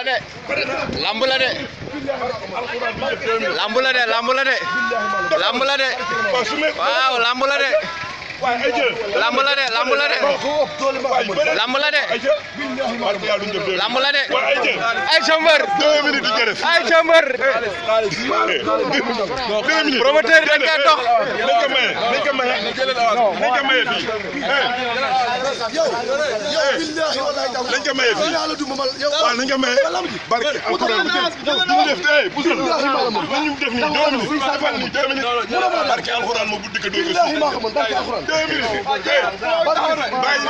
la de lamb la de lamb la de la de lamb la waaw lamb la de lamb de lamb de lamb de ay chamber ay chamber promoteur dañ ka yow yow billahi wallahi taw lañ ko maye fii la du mamal yow waaw nañ ko maye barke alquran bu def tey bu sol nañu def ni 2 minutes defal ni 2 minutes barke alquran mo buddi ko do ko billahi ma xamal barke alquran 2 minutes